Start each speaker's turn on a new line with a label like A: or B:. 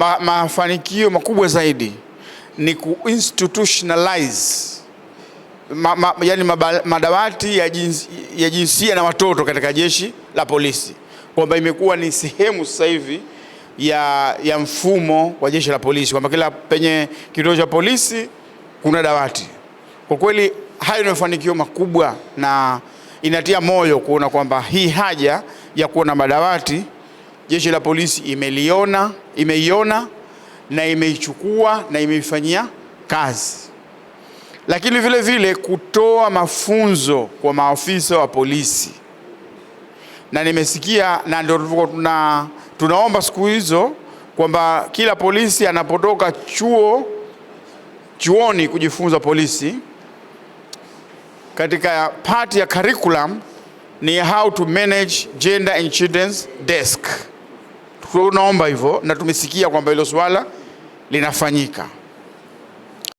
A: ma, mafanikio makubwa zaidi ni institutionalize ma, ma, yani madawati ya, jins, ya jinsia na watoto katika jeshi la polisi, kwamba imekuwa ni sehemu sasa hivi ya, ya mfumo wa jeshi la polisi, kwamba kila penye kituo cha polisi kuna dawati. Kwa kweli hayo ni mafanikio makubwa na inatia moyo kuona kwamba hii haja ya kuwa na madawati jeshi la polisi imeliona, imeiona na imeichukua na imeifanyia kazi, lakini vile vile kutoa mafunzo kwa maafisa wa polisi, na nimesikia na ndio tuna, tunaomba siku hizo kwamba kila polisi anapotoka chuo chuoni kujifunza polisi, katika part ya curriculum ni how to manage gender and children's desk. Tunaomba hivyo na tumesikia kwamba hilo swala linafanyika.